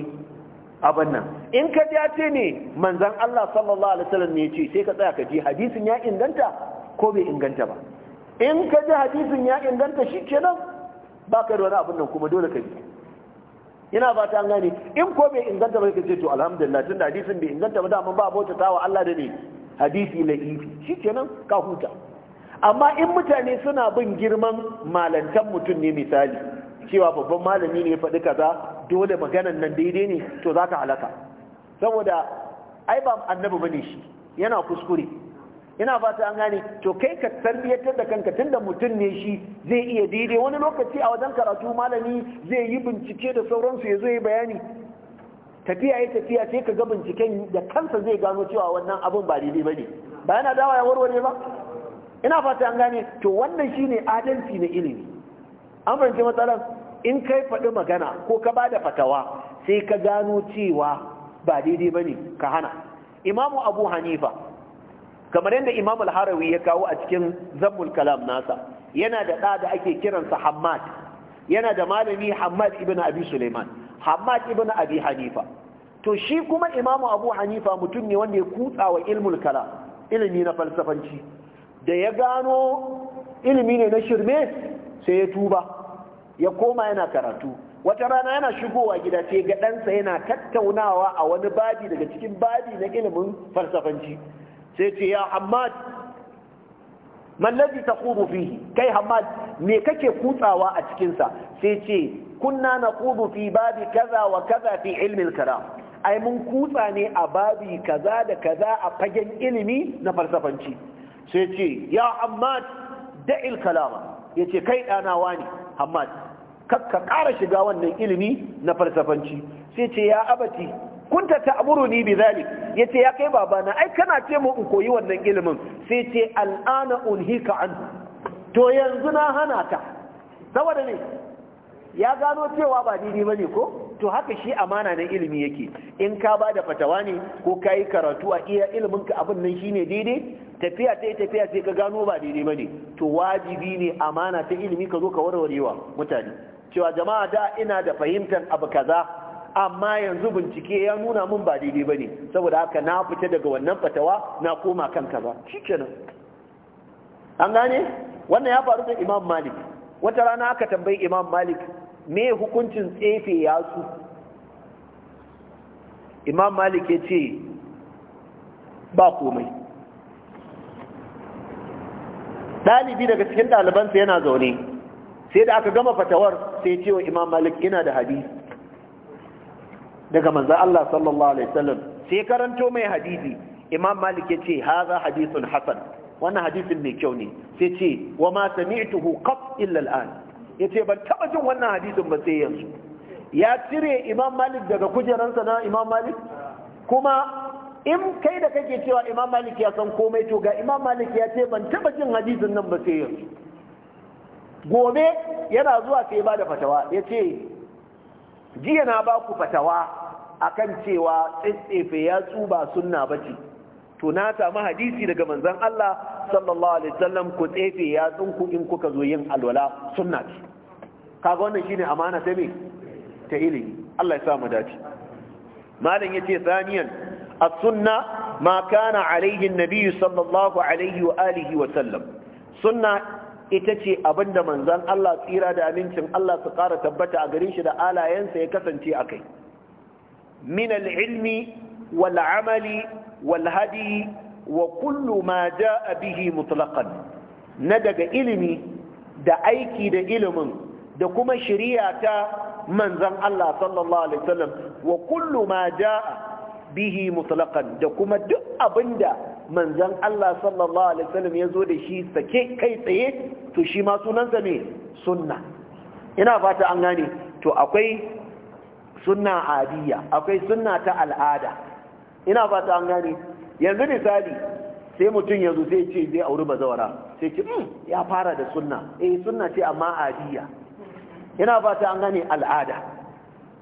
abin nan in ka ji ce ne manzan Allah sallallahu alaihi wasallam ne ce sai ka tsaya ka ji hadisin ya inganta ko bai inganta ba in ka ji hadisin ya inganta shi kenan baka da wani abin nan kuma dole ka ji ina ba ta gane in ko bai inganta ba ka ce to alhamdulillah tunda hadisin bai inganta ba dama ba bauta tawa Allah da ne hadisi laifi kenan ka huta amma in mutane suna bin girman malantan mutum ne misali cewa babban malami ne ya faɗi kaza dole maganan nan daidai ne to za ka halaka saboda ai ba annabi ba ne shi yana kuskure ina fata an gane to kai ka tarbiyyatar da kanka tunda mutum ne shi zai iya daidai wani lokaci a wajen karatu malami zai yi bincike da sauransu ya zo yi bayani tafiya ya tafiya sai ka ga binciken da kansa zai gano cewa wannan abin ba daidai ba ne ba yana dawa ya warware ba ina fata an gane to wannan shine adalci na ilimi an fahimci matsalar in kai faɗi magana ko ka ba da fatawa sai ka gano cewa ba daidai ba ne ka hana imamu abu hanifa kamar yadda imamu al-harawi ya kawo a cikin zammul kalam nasa yana da ɗa da ake kiransa Hamad, yana da malami Hamad ibn abi suleiman Hamad ibn abi hanifa to shi kuma imamu abu hanifa mutum ne wanda ya kutsa wa ilmul kalam ilimi na falsafanci da ya gano ilimi ne na shirme sai ya tuba ya koma yana karatu wata rana yana shigowa gida sai ga ɗansa yana tattaunawa a wani babi daga cikin babi na ilimin farsafanci sai ce ya hamad mallazi ta kudu fi, kai hamad me kake kutsawa a cikinsa sai ce kunna na kudu fi babi kaza wa kaza fi ilmin kara. ai mun kutsa ne a babi kaza da kaza a fagen ilimi na farsafanci sai ce ya hamad da'il kalama ya ce kai ɗanawa ne hamad ka ƙara shiga wannan ilimi na falsafanci sai ce ya abati kunta ni bi zalik yace ya kai babana ai kana ce mu in koyi wannan ilimin sai ce al'ana unhika an to yanzu na hana ta saboda ne ya gano cewa ba daidai bane ko to haka shi amana na ilimi yake in ka ba da fatawa ne ko ka yi karatu a iya ilimin ka abin nan shine daidai tafiya sai tafiya sai ka gano ba daidai bane to wajibi ne amana ta ilimi ka zo ka warwarewa mutane cewa jama'a da ina da fahimtar abu kaza amma yanzu bincike ya nuna mun ba daidai bane saboda haka na fita daga wannan fatawa na koma kan kaza shikenan an gane wannan ya faru da Imam Malik wata rana aka tambayi Imam Malik me hukuncin tsefe yatsu Imam Malik ya ce ba komai ɗalibi daga cikin ɗalibansa yana zaune sai da aka gama fatawar sai ce wa imam malik ina da hadisi daga manzan Allah sallallahu alaihi wasallam sai karanto mai hadisi imam malik ya ce haza hadisun hasan wannan hadisin mai kyau ne sai ce wa ma sami'tuhu qat illa al'an ce ban taba jin wannan hadisin ba sai yanzu ya cire imam malik daga kujeransa na imam malik kuma in kai da kake cewa imam malik ya san komai to ga imam malik ya ce ban taba jin hadisin nan ba sai yanzu gobe yana zuwa sai ba da fatawa ya ce jiya na ba ku fatawa akan cewa tsetsefe ya tsuba sunna bacci. to na samu hadisi daga manzan Allah sallallahu alaihi wasallam ku tsefe ya tsinku in kuka zo yin alwala sunna ce kaga wannan shine amana ta ta ilimi Allah ya sa mu dace malam yace saniyan as-sunna ma kana alaihi an-nabi sallallahu alaihi wa alihi sunna ita ce abin da manzan Allah tsira da amincin Allah su ƙara tabbata a garin shi da alayensa ya kasance a kai min al'ilmi wal'amali walhadi wal hadi wa kullu ma a bihi mutlaqan na daga ilimi da aiki da ilimin da kuma shirya ta manzan Allah sallallahu alaihi wasallam wa kullu ma bihi mutlaqan da kuma duk abinda manzon Allah sallallahu alaihi wasallam ya zo da shi sake kai tsaye to shi ma sunansa ne sunna ina fata an gane to akwai sunna adiya akwai sunna ta al'ada ina fata an gane yanzu misali sai mutum yanzu sai ce zai auri bazawara sai ce hmm, ya fara da sunna eh sunna ce amma adiya ina fata an gane al'ada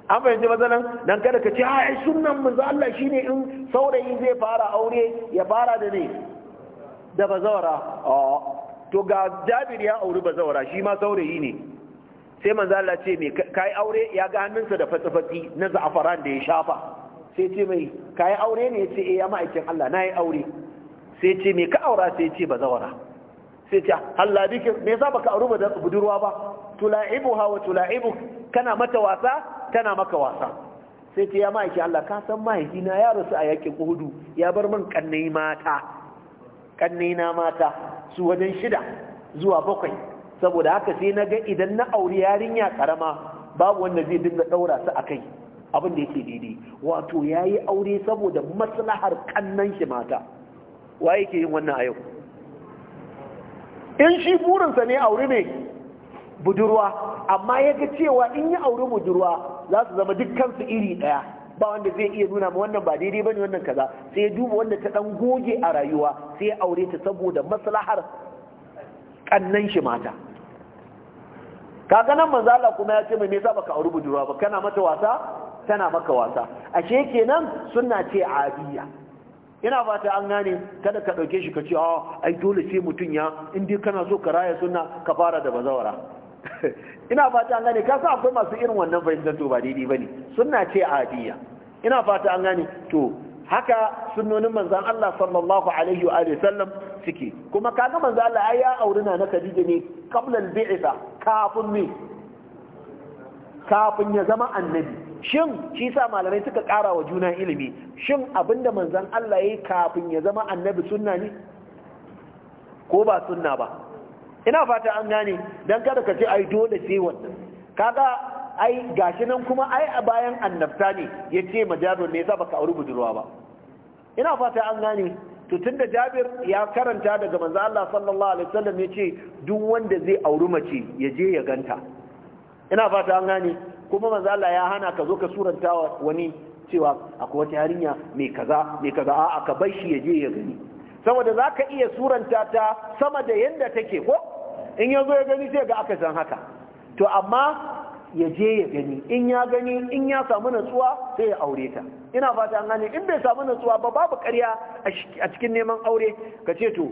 an fahimci matsalan dan kada ka ce ah, ai sunan manzo shi shine in saurayi zai fara aure ya fara da ne da bazawara to ga Jabir ya auri bazawara shi ma saurayi ne sai manzo Allah ce me kayi aure ya ga hannunsa da fatsafatsi na za'afaran da ya shafa sai ce mai kayi aure ne ya ce eh, ya ma'aikin Allah na yi aure sai ce me ka aura sai ce bazawara sai ce Allah dikir me yasa baka auri budurwa ba Tulaibu Hawa tula'ibu kana mata wasa tana maka wasa sai ce ya ma'aiki Allah ka san mahaifina ya rasu a yake kudu ya bar min kannai mata kannai na mata su wajen shida zuwa bakwai saboda haka sai na ga idan na auri yarinya karama babu wanda zai dinga daura su akai abin da yake daidai wato yayi aure saboda maslahar kannan shi mata wa yake yin wannan a yau in shi burinsa ne aure ne budurwa amma ya ga cewa in ya auri budurwa za su zama dukkansu iri ɗaya ba wanda zai iya nuna ma wannan ba daidai bane wannan kaza sai ya duba wanda ta dan goge a rayuwa sai ya aure ta saboda maslahar kannan shi mata kaga nan manzo Allah kuma ya ce mai me yasa baka auri budurwa ba kana mata wasa tana maka wasa ashe kenan sunna ce abiya ina fata an gane kada ka dauke shi ka ce a ah, ai dole sai mutun ya in dai kana so ka raya sunna ka fara da bazawara <laughs> ina fata an gane ka akwai masu irin wannan fahimtar to ba daidai bane suna ce adiya ina fata an gane to haka sunonin manzan Allah sallallahu alaihi wa sallam suke kuma kaga manzan Allah ai ya aurina na Khadija ne qabla al kafin ne kafin ya zama annabi shin shi sa malamai suka ƙara wa juna ilimi shin abinda manzan Allah yayi kafin ya zama annabi sunna ne ko ba sunna ba ina fata an gane don kada ka ce ai dole sai wannan kaga ai gashi nan kuma ai a bayan annabta ne ya ce ma Jabir me yasa baka auri budurwa ba ina fata an gane to tunda Jabir ya karanta daga manzo Allah sallallahu alaihi wasallam yace duk wanda zai auri mace ya je ya ganta ina fata an gane kuma manzo Allah ya hana ka zo ka suranta wani cewa akwai wata yarinya mai kaza mai kaza a ka bar shi ya je ya gani saboda zaka iya suranta ta sama da yanda take ko in ya zo ya gani zai ga aka zan haka to amma ya je ya gani in ya gani in ya samu natsuwa sai ya aure ta ina fata an gane in bai samu natsuwa ba babu karya a cikin neman aure ka ce to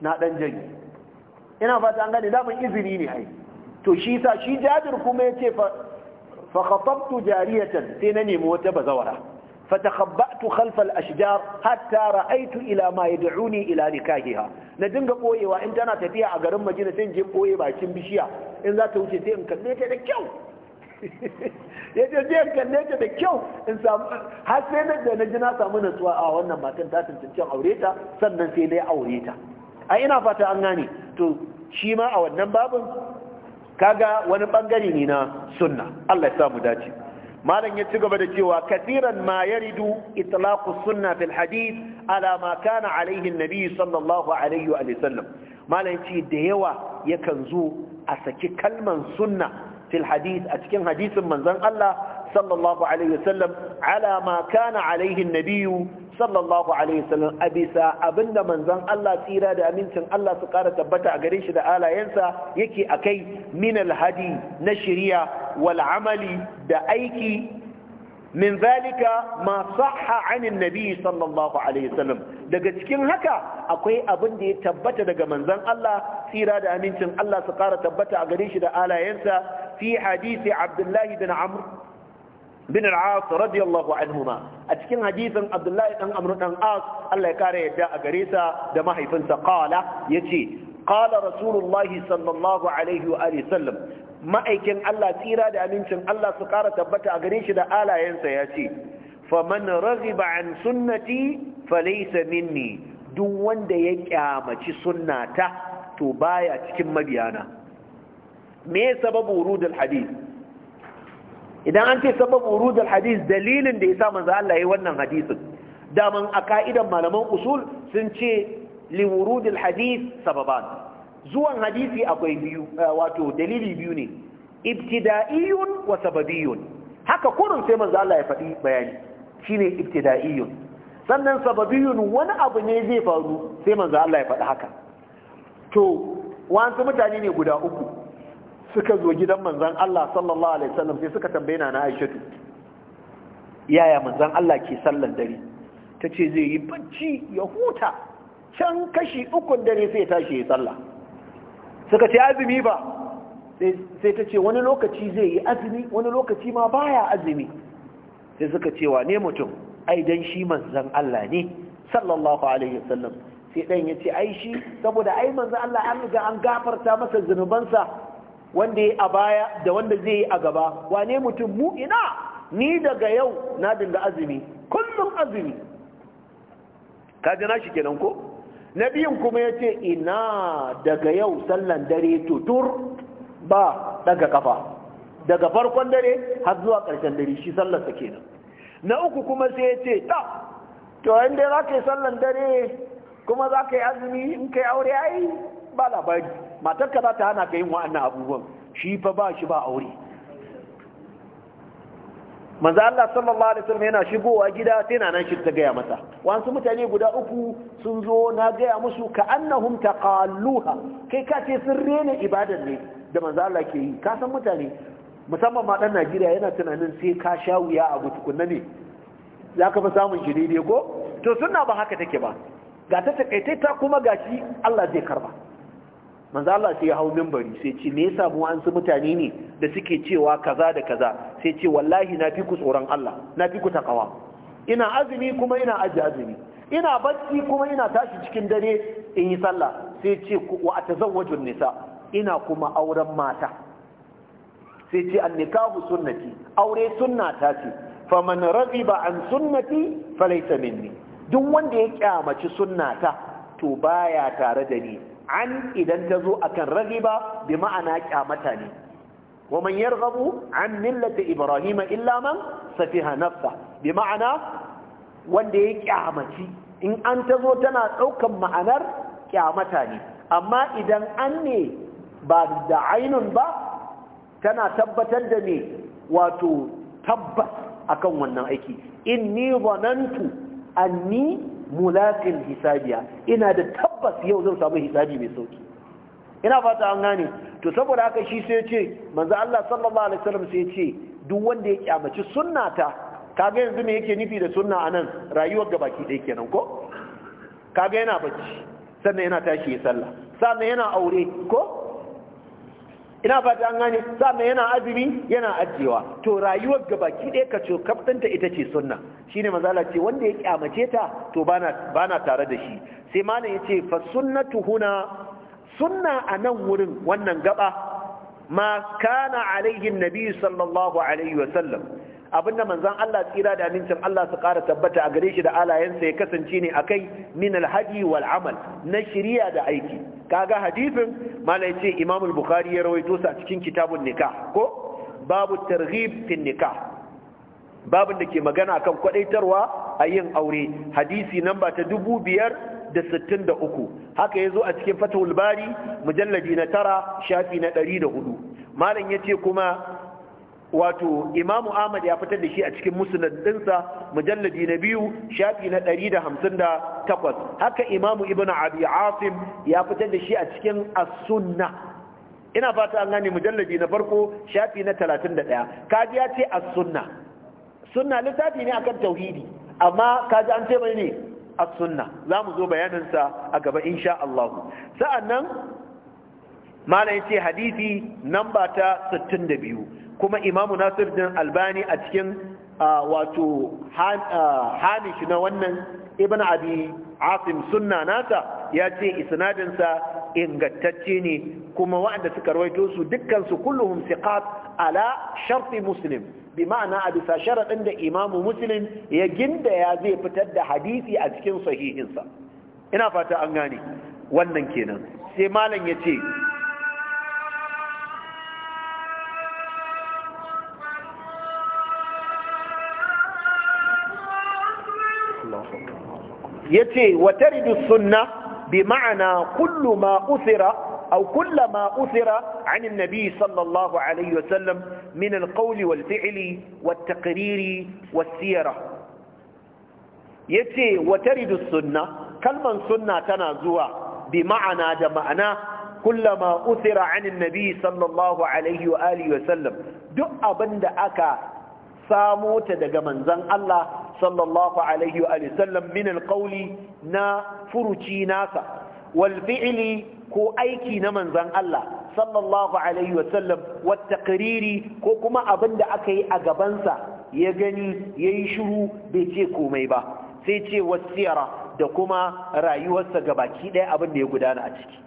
na dan jari, ina fata an gani damar izini ne ai to shi sa shi jabir kuma ya ce fa khatabtu jariyatan sai na nemi wata bazawara fatakhabbatu khalf al-ashjar hatta ra'aytu ila ma yad'uni ila nikahiha na dinga boyewa in tana tafiya a garin Madina sai je boye bakin bishiya in za ta wuce sai in kalle da kyau in kalle in samu har sai na da na ji na samu natsuwa a wannan matan ta tantance aure ta sannan sai dai aure ta ai ina fata an gane to shi ma a wannan babin kaga wani bangare ne na sunna Allah ya samu dace malam ya ci gaba da cewa kasiran ma yaridu itlaqu sunna fil hadith ala ma kana alaihi nabi sallallahu alaihi wa sallam malam ci da yawa yakan zo a saki kalman sunna fil hadith a cikin hadisin manzon Allah sallallahu alaihi wa sallam ala ma kana alaihi nabi sallallahu alaihi wasallam a bisa abinda manzon Allah tsira da amincin Allah su kara tabbata a gare shi da alayensa yake akai min alhadi na shari'a wal amali da aiki min zalika ma sahha anin nabi sallallahu alaihi wasallam daga cikin haka akwai abin da ya tabbata daga manzon Allah tsira da amincin Allah su kara tabbata a gare shi da alayensa fi hadisi Abdullahi bin Amr bin al radiyallahu anhuma a cikin hadisin Abdullahi dan Amr dan As Allah ya kare yadda a gare sa da mahaifinsa qala yace qala rasulullahi sallallahu alaihi wa alihi sallam ma'aikin Allah tsira da amincin Allah su kara tabbata a gare shi da alayensa yace faman raghiba an sunnati falaysa minni duk wanda ya kyamaci sunnata to baya cikin mabiyana me sababu rudul hadith idan an ce sabab urudul hadis dalilin da yasa manzo Allah yayi wannan hadisin daman a ka'idan malaman usul sun ce li wurudul hadis sababan zuwan hadisi akwai biyu eh, wato dalili biyu ne ibtida'iyun wa sababiyun haka kurun sai manzo Allah ya faɗi bayani shine ibtida'iyun sannan sababiyun wani abu ne zai faru sai manzo Allah ya faɗi haka to wasu mutane ne guda uku suka zo gidan manzan Allah sallallahu alaihi wasallam sai suka tambaye na Aishatu yaya manzan Allah ke sallan dare Ta ce zai yi bacci ya huta can kashi ukun dare sai ya tashi ya tsalla. suka ce azumi ba sai ta ce wani lokaci zai yi azumi wani lokaci ma baya azumi sai suka ce wa ne mutum ai shi manzan Allah ne sallallahu alaihi wasallam sai dan ce ai shi saboda ai manzan Allah an ga an gafarta masa zunubansa wanda ya a baya da wanda zai yi a gaba wane mutum mu ina ni daga yau na dinga azumi kullum azumi Ka na shi kenan ko na biyun kuma ya ce ina daga yau sallan dare tutur ba daga kafa daga farkon dare har zuwa ƙarshen dare shi sallarsa kenan na uku kuma sai ya ce ta to inda za ka yi sallan dare kuma za ka yi azumi in ka yi aure ai ba labari matarka za ta hana ka yin wa'annan abubuwan shi fa ba shi ba aure manzo Allah sallallahu alaihi wasallam yana shigowa gida sai na shi ta gaya masa wasu mutane guda uku sun zo na gaya musu ka annahum taqalluha kai ka ce sun rene ibadar ne da manzo Allah ke yi ka san mutane musamman ma dan Najeriya yana tunanin sai ka sha wuya a gutukunna ne ka fa samun shi daidai ko to sunna ba haka take ba ga ta takaitaita kuma gashi Allah zai karba manzo Allah sai ya hau minbari sai ce me yasa mu an su mutane ne da suke cewa kaza da kaza sai ce wallahi na fi ku tsoron Allah na fi ku takawa ina azumi kuma ina aji azumi ina bacci kuma ina tashi cikin dare in yi sallah sai ce wa atazawwajun nisa ina kuma auren mata sai ce an nikahu sunnati aure sunna ta ce faman raghiba an sunnati falaysa minni duk wanda ya kyamaci sunnata to baya tare da ni an idan ta zo akan ragiba bi ma'ana kyamata ne wa man rabu an millati ibrahima illa man safiha nafsa bi ma'ana wanda ya kyamaci in an ta zo tana ɗaukan ma'anar kyamata ne amma idan an ne ba da ainun ba tana tabbatar da ne wato tabbas akan wannan aiki inni zanantu anni mulakin hisabiya ina da tabbas yau zan samu hisabi mai sauki ina fata an gane to saboda haka shi sai ce manzo Allah sallallahu alaihi wasallam sai ce duk wanda ya kyamaci sunnata kaga yanzu me yake nufi da sunna anan rayuwar ga baki ɗaya kenan ko kaga yana bacci sannan yana tashi ya sallah sannan yana aure ko ina fata an gane sannan yana azumi yana ajiyewa to rayuwar gabaki ɗaya ka ce kaftanta ita ce sunna shine manzala ce wanda ya kyamace ta to bana bana tare da shi sai malam yace fa sunnatu huna sunna a nan wurin wannan gaba ma kana alaihi nabi sallallahu alaihi wa sallam abinda manzon Allah tsira da amincin Allah su ƙara tabbata a gare shi da alayensa ya kasance ne akai min alhaji wal amal na shiriya da aiki kaga hadisin mala ce Imam al-Bukhari ya rawaito sa cikin kitabun nikah ko babu targhib fi nikah babin da ke magana kan kwadaitarwa a yin aure hadisi namba ta dubu biyar da sittin da uku haka ya zo a cikin fatahul bari mujalladi na tara shafi na ɗari da hudu malam ya ce kuma wato imamu ahmad ya fitar da shi a cikin musnad dinsa mujalladi na biyu shafi na 158 haka imamu ibnu abi asim ya fitar da shi a cikin as-sunnah ina fata an gane mujalladi na farko shafi na 31 kaji ya ce as-sunnah sunna littafi ne akan tauhidi amma kaji an ce mai ne as-sunnah zamu zo bayanin sa a gaba insha Allah sa'annan malai ce hadisi namba ta 62 kuma imamu din albani a cikin wato hamish na wannan ibn abi asim sunna nasa. ya ce isnadinsa ingantacce ne kuma waɗanda suka rawaito su dukkansu kullum siqat ala sharti muslim bi ma'ana a bisa sharaɗin da imamu muslim ya ginda ya zai fitar da hadisi a cikin sahihinsa ina fata an gane wannan kenan sai malam ya ce yace wa taridu suna bi ma'ana kullu ma uthira aw kullu ma uthira sallallahu alayhi wa sallam min al wal fi'li wat taqrir was sirah yace wa taridu sunna kalman sunna tana zuwa bi ma'ana da ma'ana kullama uthira 'an an-nabi sallallahu alayhi wa sallam duk abinda aka samo ta daga manzon Allah sallallahu alaihi wa sallam min alqawli na furuci nasa wal ko aiki na manzon Allah sallallahu alaihi wa sallam wat ko kuma abinda aka yi a gabansa ya gani yayi shiru bai ce komai ba sai ce da kuma rayuwarsa gabaki ɗaya da ya gudana a ciki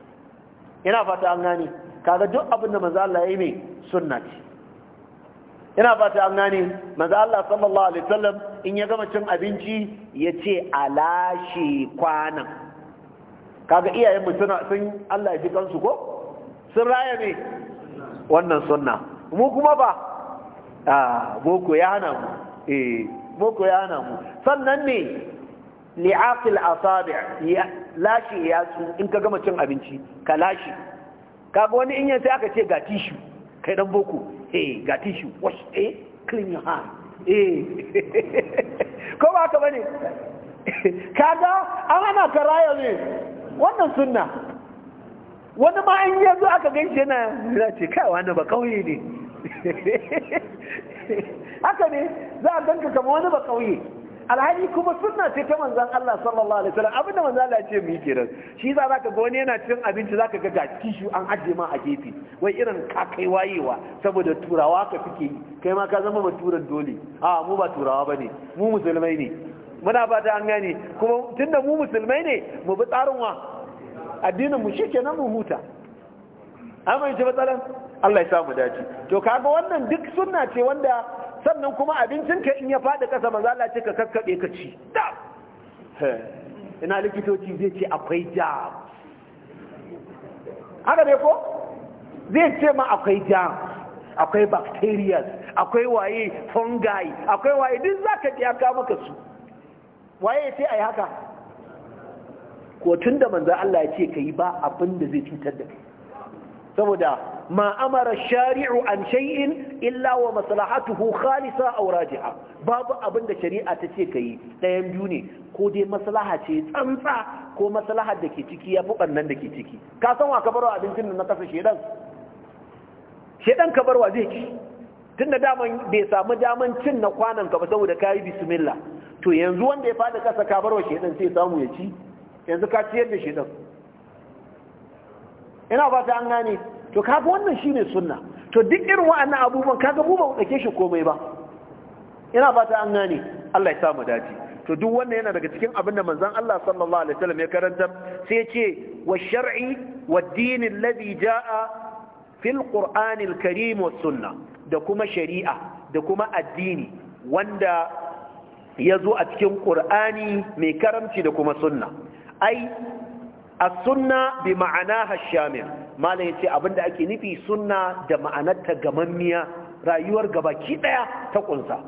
ina fata an gane kaga duk abin da maza Allah yayi mai sunna ce ina fata an gane maza Allah sallallahu alaihi wasallam in ya gama cin abinci ya ce alashi kwanan kaga iyayen suna sun Allah ya ji kansu ko sun raya ne wannan sunna mu kuma ba a boko ya hana mu eh boko ya hana mu sannan ne li'aqil asabi ya lashe ya su in ka gama cin abinci ka lashe kaga wani in yace aka ce ga tishu kai dan boko eh ga tishu wash eh clean your hand Eh. <laughs> ko ba ka bane kaga an hana ka raya ne wannan sunna wani ma an yanzu aka shi na zira ce kai wani ba kauye ne <laughs> haka ne za a ganka kama wani ba kauye alhali kuma suna ce ta manzan Allah sallallahu alaihi wasallam abinda manzan Allah ya ce mu yi kenan shi a ka ga wani yana cin abinci ka ga ga kishu an ajiye ma a gefe wai irin ka kai wayewa saboda turawa ka fike yi kai ma ka zama baturan dole a mu ba turawa ba ne mu musulmai ne muna fata an gane kuma tunda mu musulmai ne mu bi tsarin wa addinin mu shikenan mu huta an fahimci matsalan Allah ya samu dace to kaga wannan duk sunna ce wanda sannan kuma abincin ka in ya faɗi ƙasa za a ce ka kakkaɓe ka ci ina likitoci zai ce akwai jam haka ne ko zai ce ma akwai jam akwai bakteriya akwai waye fungi akwai waye duk zaka ɗiya aka maka su waye ya a yi haka ko tunda manzan Allah ya ce ka yi ba abin da zai cutar da saboda ma shari'u an shay'in illa wa maslahatuhu khalisa aw rajiha babu abinda shari'a ta ce kai dayan biyu ne ko dai maslaha ce tsantsa ko maslaha da ke ciki ya fi bannan da ke ciki ka san wa ka barwa abincin nan na kasa shedan shedan ka barwa zai ci tunda daman bai sami daman cin na kwanan ka ba saboda kayi bismillah to yanzu wanda ya fada kasa ka barwa shedan sai samu ya ci yanzu ka ciyar da shedan ina fata an gane to kaga wannan shine sunna to duk irin wa'annan abubuwan kaga mu ba mu dake shi komai ba ina ta an gane Allah ya samu daji. to duk wannan yana daga cikin abin da manzon Allah sallallahu alaihi wasallam ya karanta sai ya ce wa shar'i wa din alladhi jaa fil qur'an karim sunna da kuma shari'a da kuma addini wanda ya zo a cikin qur'ani mai karamci da kuma sunna ai as-sunna bi ma'anaha ash-shamil malam ya yace abinda ake nufi sunna da ma'anarta gamammiya rayuwar gaba ki daya ta kunsa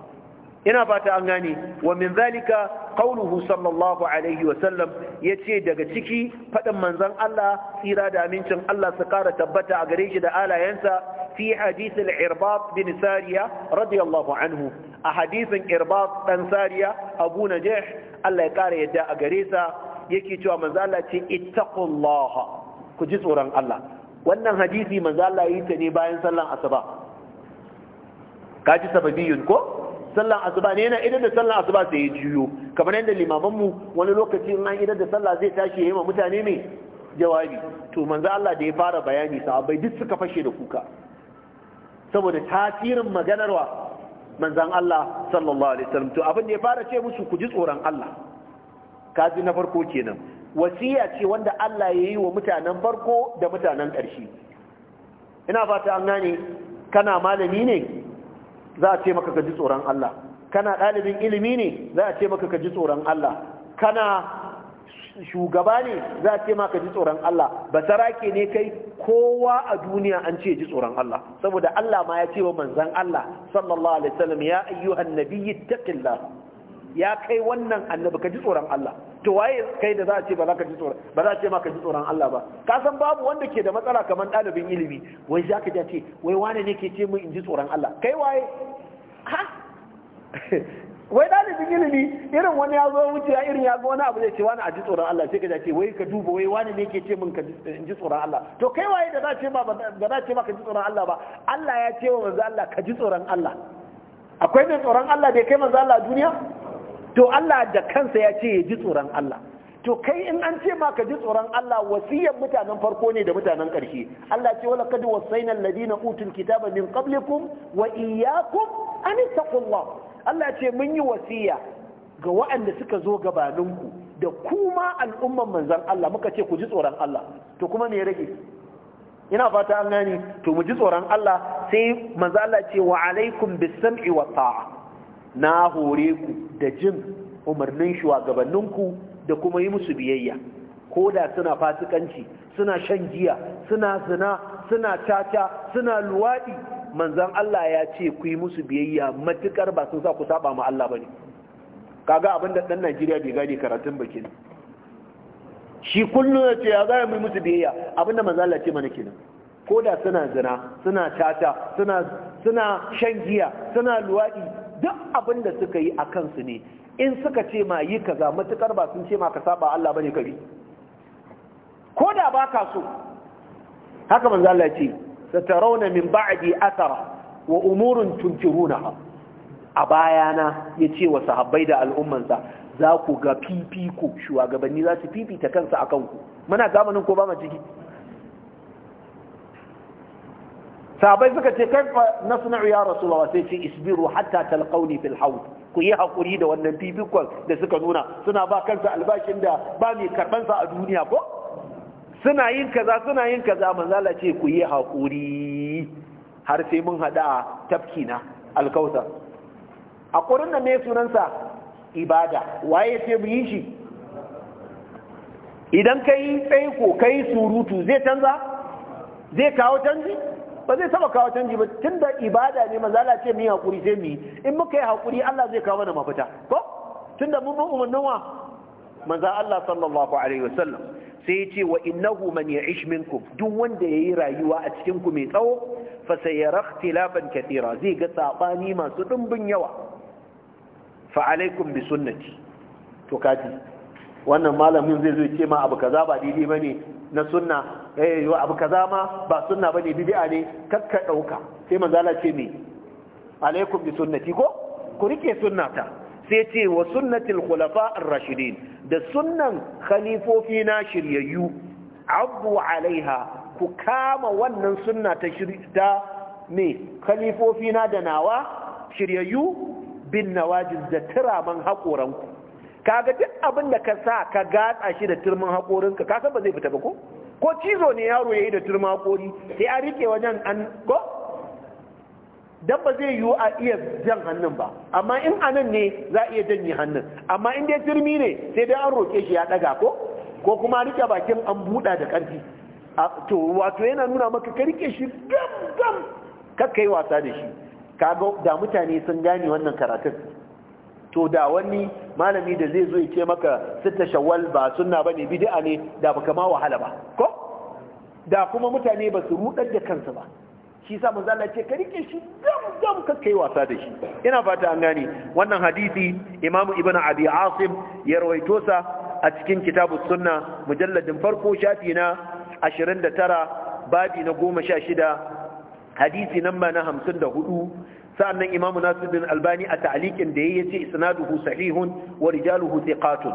ina fata an gane wa min zalika qauluhu sallallahu alaihi wa sallam yace daga ciki fadin manzon Allah tsira da amincin Allah su kara tabbata a gare shi da alayensa fi hadith al-irbad bin sariya radiyallahu anhu a hadisin irbad dan sariya abu najih Allah ya kara yadda a gare sa yake cewa manzon Allah ce ittaqullaha ku ji tsoron Allah wannan hadisi manzo Allah yi ta ne bayan sallan asuba kaji sababiyun ko sallan asuba ne yana idan da sallan asuba sai ya juyo kamar yadda limaman mu wani lokaci in an idan da sallah zai tashi yayin mutane ne jawabi to manzo Allah da ya fara bayani sahabbai duk suka fashe da kuka saboda tasirin maganarwa manzan Allah sallallahu alaihi wasallam to abin da ya fara ce musu ku ji tsoron Allah kaji na farko kenan wasiya ce wanda Allah ya yi wa mutanen farko da mutanen ƙarshe ina fata an gane kana malami ne za a ce maka ka ji tsoron Allah kana ɗalibin ilimi ne za a ce maka ka ji tsoron Allah kana shugaba ne za a ce maka ji tsoron Allah ba sarake ne kai kowa a duniya an ce ji tsoron Allah saboda Allah ma ya ce wa manzan Allah sallallahu alaihi wasallam ya ayyuhan ya kai wannan annabi ka ji tsoron Allah to waye kai da za a ce ba za ka ji tsoron ba za a ce ma ka ji tsoron Allah ba ka san babu wanda ke da matsala kamar ɗalibin ilimi wai za ka ce wai wane ne ke ce min in ji tsoron Allah kai waye ha <laughs> wai ɗalibin ilimi irin wani ya zo wuce ya irin ya zo wani abu zai ce wani a ji tsoron Allah sai ka ce wai ka duba wai wani ne ke ce min ka ji tsoron Allah to kai waye da za a ce ma ba za a ce ma ka ji tsoron Allah ba Allah ya ce wa manzo Allah ka ji tsoron Allah akwai mai tsoron Allah da kai manzo Allah a duniya to Allah da kansa ya ce ya ji tsoron Allah to kai in an ce ma ji tsoron Allah wasiyar mutanen farko ne da mutanen ƙarshe Allah ce wala kad wasaina alladina utul kitaba min qablikum wa iyyakum an taqullah Allah ce mun yi wasiya ga waɗanda suka zo gabaninku da kuma al'umman manzan Allah muka ce ku ji tsoron Allah to kuma me rage ina fata an gani to mu ji tsoron Allah sai manzo Allah ce wa alaikum bis sam'i wa ta'a na hore ku da jin umarnin shugabanninku da kuma yi musu biyayya ko da suna fasikanci suna shan giya suna zina suna caca suna luwaɗi manzan Allah ya ce ku yi musu biyayya matukar ba sun sa ku saba ma Allah ba ne kaga abin da ɗan Najeriya bai gane karatun bakin shi kullum ya ce ya gaya mu yi musu biyayya abin da manzan Allah ce mana kenan ko da suna zina suna caca suna shan giya suna luwaɗi duk abin da suka yi a kansu ne in suka ce ma yi kaza matukar ba sun ce ma ka saba Allah bane kabi ko da ba ka so haka manzo Allah ce satarawna min ba'di athara wa umurun tunkirunaha a bayana ce wa sahabbai da al'ummansa za ku ga fifiko shugabanni za su fifita kansa a kanku. muna zamanin ko ba ma ciki Sabai suka ce kai nasna'u ya rasulullah sai ce isbiru hatta talqauni fil haud ku yi hakuri da wannan fifikon da suka nuna suna ba kansa albashin da ba mai karban a duniya ko suna yin kaza suna yin kaza Allah ce ku yi hakuri har sai mun hada tafki na A hakurin nan me sunansa ibada waye sai mu yi shi idan kai tsaiko kai surutu zai canza zai kawo canji ba zai taba kawo canji ba Tunda ibada ne manzo Allah ce mu yi hakuri sai mu yi in muka yi hakuri Allah zai kawo mana mafita ko tunda mun bi umarnin wa manzo Allah sallallahu alaihi wasallam sai ya ce wa innahu man ya'ish minkum duk wanda yayi rayuwa a cikin ku mai tsawo fa sayara ikhtilafan katira zai ga tsabani masu ɗumbin yawa fa alaikum bi sunnati to kaji wannan malamin zai zo ce ma abu kaza ba daidai bane na sunna eh yo abu kaza ma ba sunna bane bid'a ne kakka dauka sai manzala ce me alaikum bi sunnati ko ku rike sunnata sai ce wa sunnatil khulafa ar-rashidin da sunnan khalifofi na shiryayyu abu alaiha ku kama wannan sunna ta shirya ne khalifofi na da nawa shiryayyu bin nawajiz da tiraman haƙoranku kaga duk abin da ka sa ka gatsa shi da turmin haƙorinka ka san ba zai fita ba ko ko cizo ne yaro ya yi da turma kori sai a rike wajen an ko don ba zai yiwu a iya jan hannun ba amma in anan ne za a iya janye hannun amma in dai turmi ne sai dai an roke shi ya ɗaga ko ko kuma rike bakin an buɗa da ƙarfi to wato yana nuna maka ka rike shi gam gam kakka yi wasa da shi ka ga da mutane sun gane wannan karatun to da wani malami da zai zo ya ce maka sita shawwal ba sunna bane bid'a ne da baka ma wahala ba ko da kuma mutane ba su rudar da kansu ba shi sa manzo Allah ce ka rike shi dam dam ka kai wasa da shi ina fata an gane wannan hadisi Imam Ibn Abi Asim ya rawaito sa a cikin kitabu sunna mujalladin farko shafi na 29 babi na 16 hadisi namba na 54 sa'annan Imam Nasiruddin Albani a ta'liqin da yayi yace isnaduhu sahihun wa rijaluhu thiqatun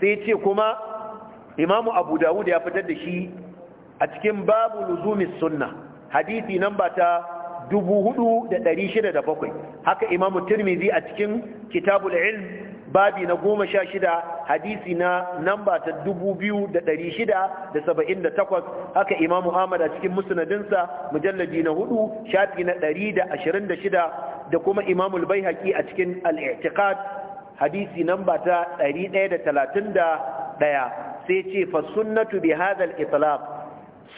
sai yace kuma Imam Abu Da'ud ya fitar da shi a cikin babu luzumis sunna hadisi namba ta 4607 haka Imam Tirmidhi a cikin Kitabul Ilm babi na goma sha shida hadisi na namba ta dubu biyu da ɗari shida da saba'in da takwas haka imamu ahmad a cikin musanadinsa, mujallaji na hudu shafi na ɗari da ashirin da shida da kuma imamul baihaqi a cikin al'itiqad hadisi namba ta ɗari ɗaya da talatin da ɗaya sai ce fa sunnatu bi hadha al-itlaq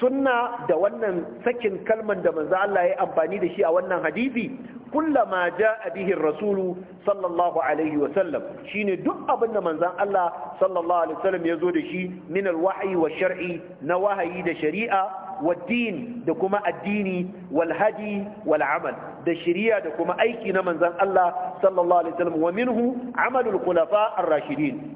sunna da wannan sakin kalman da manzo Allah ya amfani da shi a wannan hadisi kullama jaa bihi rasulu sallallahu alaihi wa sallam shine duk abin da manzon Allah sallallahu alaihi wa sallam ya zo da shi min alwahyi wa shar'i na wahayi da shari'a waddin da kuma addini walhadi hadi wal amal da shiriya da kuma aiki na manzon Allah sallallahu alaihi wasallam wa minhu amalul khulafa ar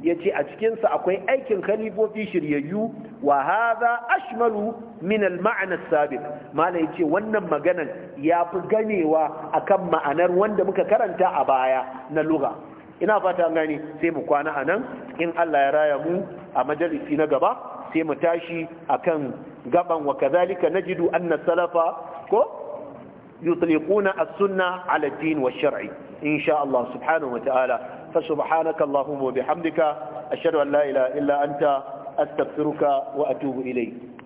ya ce a cikin sa akwai aikin khalifofi shiryayyu wa hadha ashmalu min al-ma'na as-sabiq mala yace wannan maganan yafi ganewa akan ma'anar wanda muka karanta a baya na lugha ina fata an gane sai mu kwana anan in Allah ya raya mu a majalisi na gaba sai mu tashi akan gaban wa kazalika najidu anna salafa ko yutliquna as-sunna ala din wa shar'i insha Allah subhanahu wa ta'ala fa subhanaka allahumma wa bihamdika ashhadu an la ilaha illa anta astaghfiruka wa atubu ilayk